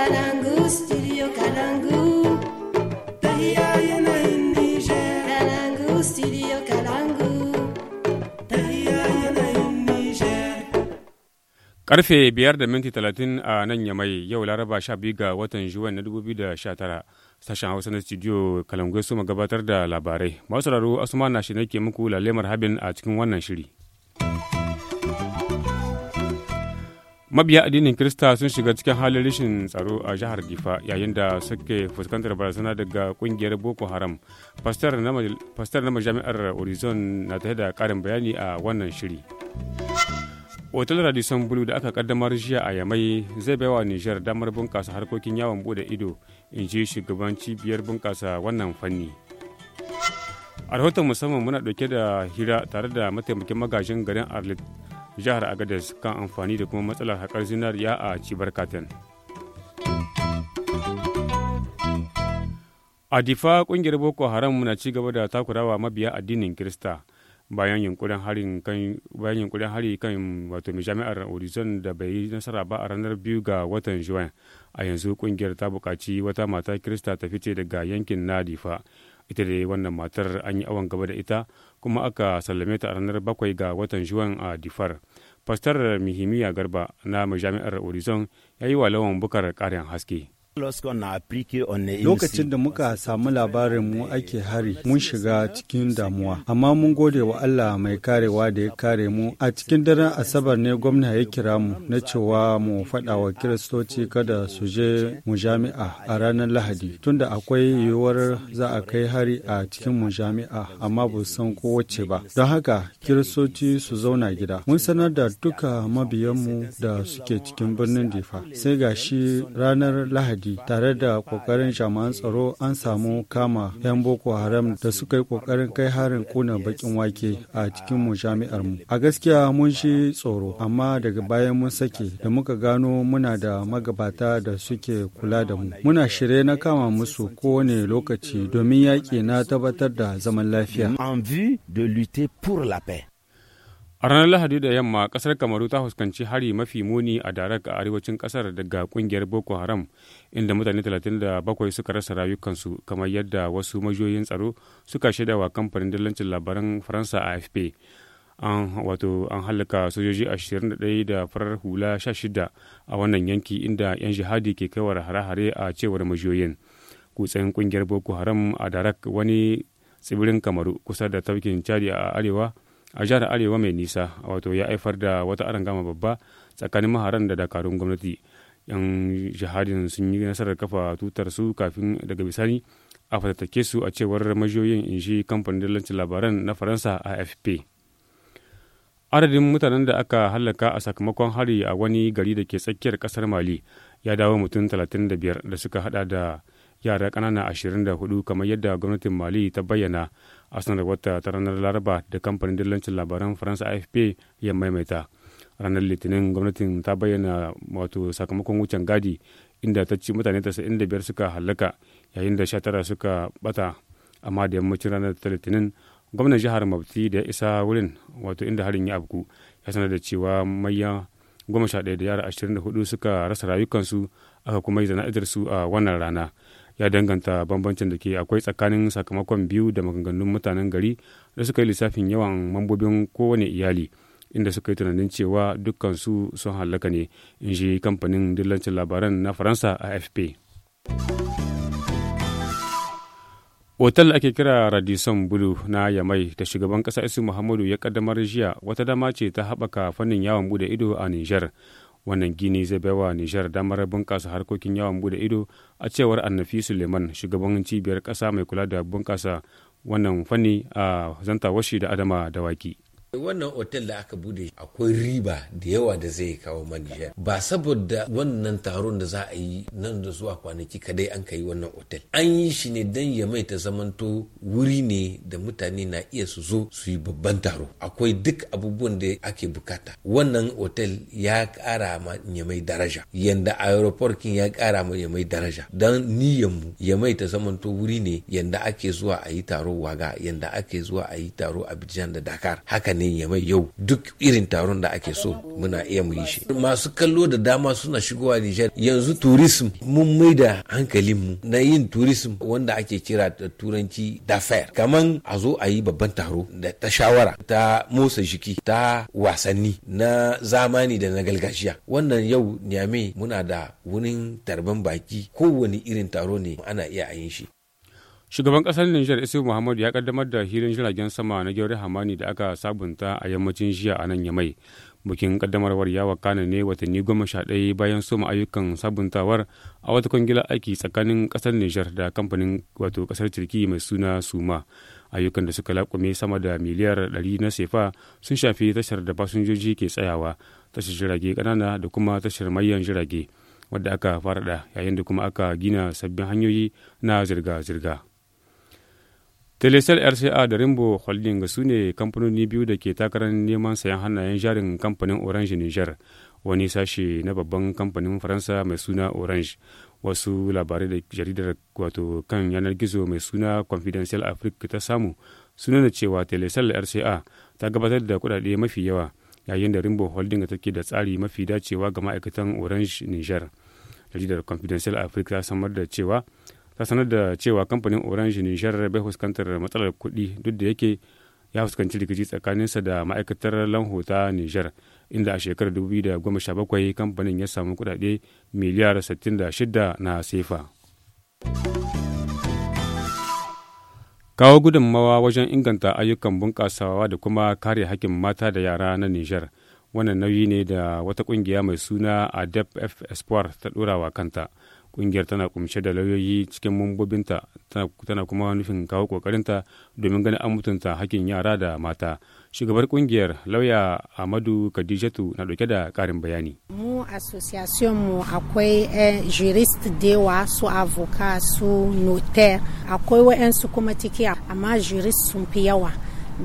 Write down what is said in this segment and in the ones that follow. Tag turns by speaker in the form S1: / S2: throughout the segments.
S1: kalangu studio kalangu Tahia
S2: Karfe biyar da minti talatin a nan yamai yau laraba sha biyu ga watan juwan na dubu biyu da sha tara sashen hausa na studio kalangu su gabatar da labarai masu sauraro asuma na shi nake muku lalemar habin a cikin wannan shiri. mabiya addinin kirista sun shiga cikin halin rashin tsaro a jihar difa yayin da suke fuskantar barazana daga kungiyar boko haram fastar na majami'ar horizon na tare da karin bayani a wannan shiri otal radisson bulu da aka kaddamar jiya a yamai zai bai wa nijar damar bunkasa harkokin yawon bude ido in ji shugaban cibiyar bunkasa wannan fanni a rahoton musamman muna dauke da hira tare da mataimakin magajin garin arlit jihar agadez kan amfani da kuma matsalar haƙar zinariya a cibar katen a difa ƙungiyar boko haram na ci gaba da takurawa mabiya addinin kirista bayan yunkurin hari kan bayan yunkurin hari kan wato jami'ar horizon da bai yi nasara ba a ranar biyu ga watan juin a yanzu ƙungiyar ta buƙaci wata mata kirista ta fice daga yankin na difa. ita dai wannan matar an yi awon gaba da ita kuma aka sallame ta a ranar bakwai ga watan juwan a difar pastor mihimiya garba na majami'ar horizon ya yi wa lawan bukar ƙarin haske
S1: Lokacin da muka samu labarin mu ake hari mun shiga cikin damuwa, amma mun gode wa Allah mai karewa da ya kare mu. A cikin daren Asabar ne gwamna ya kira mu na cewa mu faɗa wa Kiristoci kada su je mu jami'a a ranar Lahadi, tunda akwai yiwuwar za a kai hari a cikin mu jami'a amma ba san kowace ba. Don haka Kiristoci su zauna gida. Mun sanar da duka mabiyanmu da suke cikin birnin Difa. Sai ga shi ranar Lahadi yaki tare da kokarin jami'an tsaro an samu kama 'yan boko haram da suka yi kokarin kai harin kuna bakin wake a cikin mu jami'ar mu a gaskiya mun shi tsoro amma daga bayan mun sake da muka gano muna da magabata da suke kula da mu muna shirye na kama musu kowane lokaci domin yaki na tabbatar da zaman lafiya de lutter pour la paix
S2: A ranar Lahadi da yamma kasar Kamaru ta fuskanci hari mafi muni a Darak a arewacin kasar daga kungiyar Boko Haram inda mutane 37 suka rasa rayukansu kamar yadda wasu majiyoyin tsaro suka shaida wa kamfanin dillancin labaran Faransa AFP. An wato an halaka sojoji 21 da farar hula 16 a wannan yanki inda 'yan jihadi ke kaiwar hare-hare a cewar majiyoyin. Kutsen kungiyar Boko Haram a Darak wani tsibirin Kamaru kusa da tafkin Chadi a arewa a jihar arewa mai nisa wato ya haifar da wata arangama babba tsakanin maharan da dakarun gwamnati yan jihadin sun yi nasarar kafa tutar su kafin daga bisani a fatattake su a cewar majiyoyin inshi kamfanin dillancin labaran na faransa a afp adadin mutanen da aka hallaka a sakamakon hari a wani gari da ke tsakiyar kasar mali ya dawo mutum 35 da suka hada da yara ƙanana 24 kamar yadda gwamnatin mali ta bayyana a sanar wata ta ranar laraba da kamfanin dillancin labaran faransa afp ya maimaita ranar litinin gwamnatin ta bayyana wato sakamakon wucin gadi inda ta ci mutane 95 suka hallaka yayin da 19 suka bata amma da yammacin ranar ta litinin gwamnan jihar mabti da ya isa wurin wato inda harin ya abku ya sanar da cewa mayya goma sha ɗaya da yara ashirin da hudu suka rasa rayukansu aka kuma yi jana'izar su a wannan rana ya danganta bambancin da ke akwai tsakanin sakamakon biyu da maganganun mutanen gari da suka yi lissafin yawan mambobin kowane iyali inda suka yi tunanin cewa dukkansu sun hallaka ne in shi kamfanin dillancin labaran na faransa afp otal ake kira radisson bulu na yamai da shugaban kasa isu muhammadu ya kaddamar jiya wata dama ce ta haɓaka fannin yawon bude ido a niger wannan gini zai baiwa nijar damar bunƙasa harkokin yawon bude ido a cewar annafi suleiman shugaban cibiyar ƙasa mai kula da bunƙasa wannan fanni a zanta washi da adama dawaki.
S3: wannan otel da aka bude akwai riba da yawa da zai kawo manijar ba saboda wannan taron da za a yi nan da zuwa kwanaki kadai an ka yi wannan otel an yi shi ne don ya mai ta zamanto wuri ne da mutane na iya su zo su yi babban taro akwai duk abubuwan da ake bukata wannan otel ya kara ma ya mai daraja yanda aeroporkin ya kara ma ya mai daraja don niyanmu ya mai ta zamanto wuri ne yanda ake zuwa a yi taro waga yanda ake zuwa a yi taro a da dakar haka nan yamai yau duk irin taron da ake so muna iya mu yi shi masu kallo da dama suna shigowa Nijar yanzu tourism mun da hankalinmu na yin turism. wanda ake kira da turanci dafair Kamar a zo a yi babban taro da ta shawara ta motsa jiki ta wasanni na zamani da na gargajiya wannan yau Niamey muna da wurin tarban baki kowane irin taro ne ana iya a yin shi
S2: Shugaban ƙasar niger Isu Muhammad ya kaddamar da hirin jiragen sama na Gyauri Hamani da aka sabunta a yammacin jiya a nan Yamai. Bikin kaddamarwar ya wakana ne watanni goma sha ɗaya bayan soma ayyukan sabuntawar a wata kwangila aiki tsakanin ƙasar niger da kamfanin wato ƙasar Turki mai suna Suma. Ayyukan da suka laƙume sama da miliyar ɗari na sefa sun shafi tashar da fasinjoji ke tsayawa, tashar jirage ƙanana da kuma tashar mayan jirage, wadda aka farada yayin da kuma aka gina sabbin hanyoyi na zirga-zirga. Telecel RCA da Rimbo Holding su ne kamfanoni biyu da ke takarar neman sayan hannayen jarin kamfanin Orange Niger, wani sashe na babban kamfanin Faransa mai suna Orange. Wasu labarai da jaridar wato kan yanar gizo mai suna Confidential Africa ta samu suna da cewa Telecel RCA ta gabatar da kudade mafi yawa yayin da Rimbo Holding take da tsari mafi dacewa ga ma'aikatan Orange Niger. Jaridar Confidential Africa ta samar da cewa ta sanar da cewa kamfanin orange nishar bai fuskantar matsalar kuɗi duk da yake ya fuskanci rikici tsakaninsa da ma'aikatar lanho ta nijar inda a shekarar 2017 kamfanin ya samu kudade miliyar 66 na sefa kawo gudunmawa wajen inganta ayyukan bunƙasawa da kuma kare haƙƙin mata da yara na nijar wannan nauyi ne da wata ƙungiya mai suna adep f espoir ta ɗorawa kanta kungiyar tana kumshe da lauyoyi cikin mambobinta tana kuma nufin kawo kokarinta domin ganin an mutunta hakkin yara da mata shugabar kungiyar lauya amadu kadijatu na dauke da karin bayani
S4: mu association
S1: mu akwai eh, jurist dewa su avoka su notaire akwai wayansu kuma ciki amma jurist sun fi yawa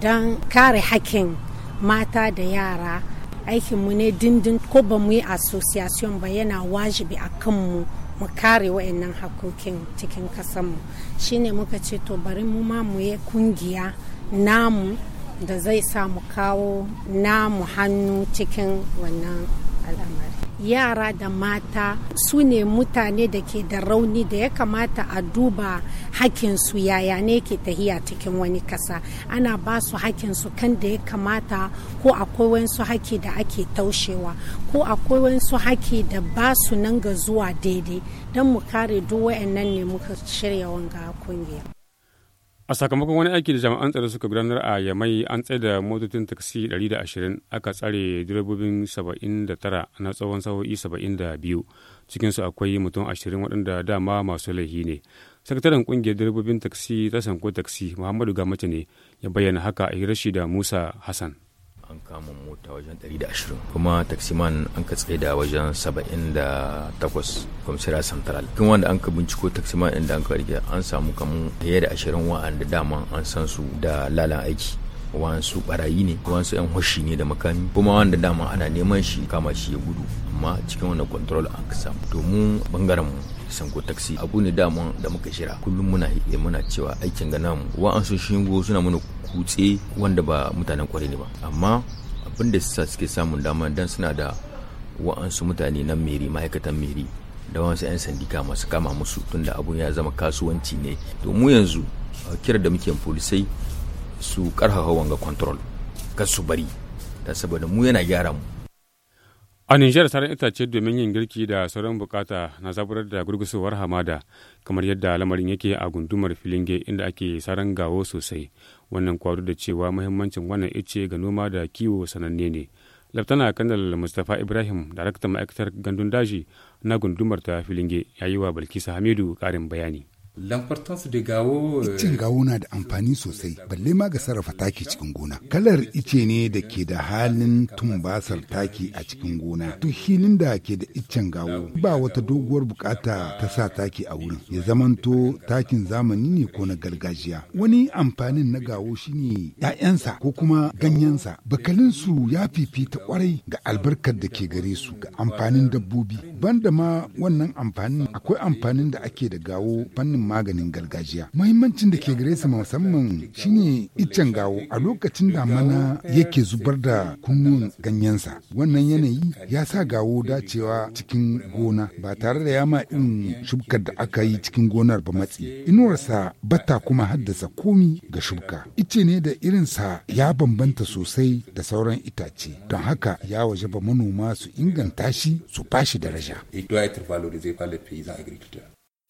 S1: don kare hakkin mata da yara aikinmu ne dindin ko ba mu yi association ba yana wajibi a kanmu mu kare wa'annan hakokin cikin mu shine muka ce to bari mu ma mu yi kungiya namu da zai sa mu kawo namu hannu cikin wannan al'amari yara da mata su ne mutane da ke da rauni da ya kamata a duba hakinsu yaya ne ke tahiya cikin wani kasa ana ba su hakinsu kan da ya kamata ko akwai wasu haki da ake taushewa ko akwai wasu haki da ba su nan ga zuwa daidai don mu kare duk wayannan ne muka shirya wanga kungiya
S2: A sakamakon wani aiki da jami'an tsaro suka gudanar a Yamai an da motocin taksi 120 aka tsare direbobin 79 na tsawon sa'o'i 72 cikinsu akwai mutum 20 waɗanda dama masu laihi ne. Sakataren ƙungiyar direbobin taxi ta sanko taxi Muhammadu Gamace ne ya bayyana haka a hirashi da Musa Hassan.
S4: an kama mota wajen 120 kuma taximan an ka tsaye da wajen 78 kwamsira central kin wanda an ka binciko taximan inda an ka rike an samu kamun fiye da 20 wa'anda dama an san su da lalan aiki wasu barayi ne wasu yan hoshi ne da makami kuma wanda dama ana neman shi kama shi ya gudu amma cikin wannan control an ka samu domin bangaren mu sanko taxi abu ne dama da muka shira kullum muna yi muna cewa aikin ga namu wa'ansu shingo suna mana kutse wanda ba mutanen kwarai ne ba amma abin da sa suke samun dama dan suna da wa'ansu mutane nan meri ma'aikatan meri da wasu 'yan sandika masu kama musu tunda abun ya zama kasuwanci ne to mu yanzu kira da muke polisai su karhawa wanga control kasu su bari ta saboda mu yana gyara mu
S2: A Nijar tarin itace domin yin girki da sauran bukata na zaburar da gurgusowar hamada kamar yadda lamarin yake a gundumar filinge inda ake saran gawo sosai. Wannan kwado da cewa mahimmancin wannan ice ga noma da kiwo sananne ne. Laftana Kanal Mustapha Ibrahim, daraktan ma'aikatar gandun daji na gundumar ta filinge, ya yi wa Bilkisu Hamidu karin bayani.
S5: de gawo euh, gawo na da amfani sosai balle ma ga sarrafa taki cikin gona. Kalar ice ne da ke da halin tumbasar taki a cikin gona. Duk hilin da ke da iccen gawo ba wata doguwar bukata ta sa taki a wurin. Ya zamanto takin zamani ne ko na gargajiya. Wani amfanin na gawo shine ‘ya'yansa ko kuma ganyensa. Bakalinsu ya fifita kwarai ga albarkar da ke gare su ga amfanin dabbobi. Ban da ma wannan amfanin akwai amfanin da ake da gawo fannin maganin gargajiya. Muhimmancin da ke gare su musamman shine iccen gawo a lokacin da damana yake zubar da kunnun ganyensa. Wannan yanayi ya sa gawo dacewa cikin gona ba tare da yama in shubkar da aka yi cikin gonar ba matsi. Inuwarsa bata kuma haddasa komi ga shubka. Ice ne da irinsa ya bambanta sosai da sauran itace. Don haka ya waje ba manoma su inganta shi su fashi daraja. Il doit être valorisé par les paysans agriculteurs.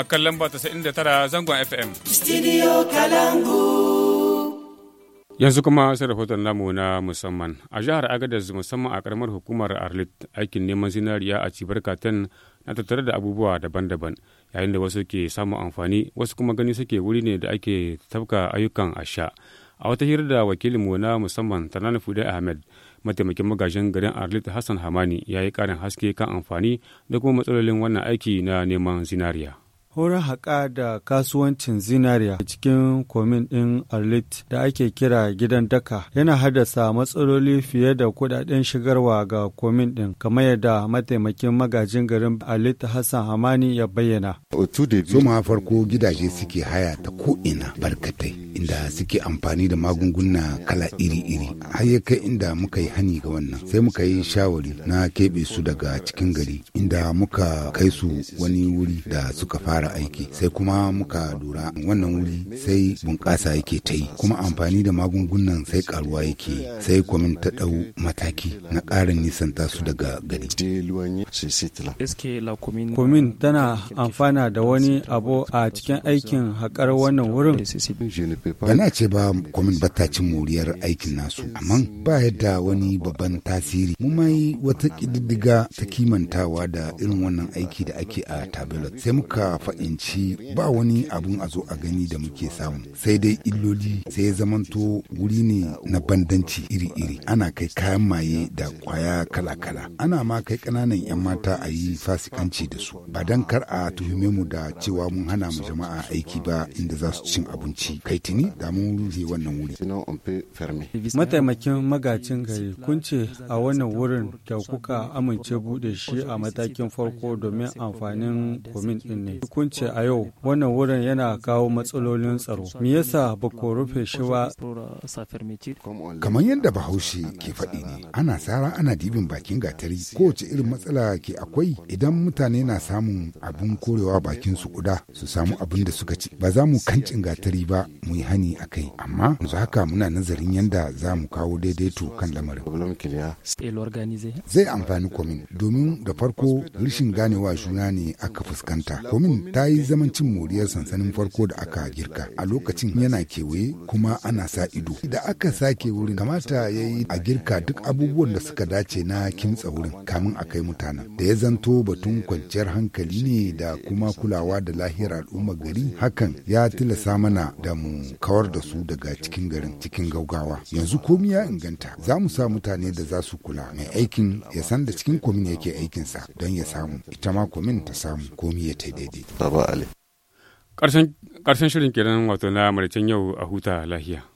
S2: a kan lamba 99 zangon FM. Studio
S1: Kalangu.
S2: Yanzu kuma sai rahoton namu na musamman. A jihar Agadez musamman a karamar hukumar Arlit aikin neman zinariya a Cibar Katen na tattare da abubuwa daban-daban yayin da wasu ke samun amfani wasu kuma gani suke wuri ne da ake tafka ayyukan asha. A wata hirar da wakilin na musamman Tanana Fude Ahmed mataimakin magajin garin arlit hassan hamani ya yi karin haske kan amfani da kuma matsalolin wannan aiki na neman zinariya
S1: Horar haƙa da kasuwancin zinariya cikin komin ɗin Arlit da ake kira gidan daka yana haddasa matsaloli fiye da kudaden shigarwa ga komin ɗin kamar yadda mataimakin magajin garin Arlit Hassan Hamani ya bayyana.
S5: Suma farko gidaje suke haya ta ko'ina barkatai inda suke amfani da magunguna kala iri-iri har ya kai inda muka yi hani ga wannan sai muka yi shawari na keɓe su daga cikin gari inda muka kai su wani wuri da suka fara fara aiki sai kuma muka lura wannan wuri sai bunƙasa yake ta yi kuma amfani da magungunan sai karuwa yake sai kwamin ta ɗau mataki na ƙarin nisanta su daga gari.
S1: Kwamin tana amfana da wani abu a cikin aikin haƙar wannan wurin.
S5: na ce ba kwamin bata cin moriyar aikin nasu amma ba yadda wani babban tasiri. Mu mai wata ƙididdiga ta kimantawa da irin wannan aiki da ake a tabelot sai muka fa'inci ba wani abun a zo a gani da muke samu sai dai illoli sai ya zamanto wuri ne na bandanci iri-iri ana kai kayan maye da kwaya kala-kala ana ma kai ƙananan 'yan mata a yi fasikanci da su ba don kar a tuhume mu da cewa mun hana mu jama'a aiki ba inda za su cin abinci kai tuni da mun rufe wannan wuri
S1: mataimakin magacin gari kun ce a wannan wurin da kuka amince bude shi a matakin farko domin amfanin komin din ne hukunci a yau wannan wurin yana kawo matsalolin tsaro me yasa ba ku rufe shi ba kamar
S5: yadda bahaushe ke faɗi ne ana tsara ana dibin bakin gatari kowace irin matsala ke akwai idan mutane na samun abin korewa bakin su kuda su samu abin da suka ci ba za mu kancin gatari ba mu yi hani a kai amma yanzu haka muna nazarin yadda za mu kawo daidaito kan lamarin
S1: zai amfani
S5: komin domin da farko rashin ganewa juna ne aka fuskanta komin ta yi zaman cin moriyar sansanin farko da aka girka a lokacin yana kewaye kuma ana sa ido da aka sake wurin kamata ya yi a girka duk abubuwan da suka dace na kimtsa wurin kamin a kai mutanen da ya zanto batun kwanciyar hankali ne da kuma kulawa da lahiyar al'umma gari hakan ya tilasa mana da mu kawar da su daga cikin garin cikin gaugawa yanzu komi ya inganta za mu sa mutane da za su kula mai aikin ya san da cikin komin yake aikinsa don ya samu ita ma komin ta samu komi ya ta daidai Baba Ali.
S2: Ƙarshen shirin kenan wato na maricin yau a huta lahiya.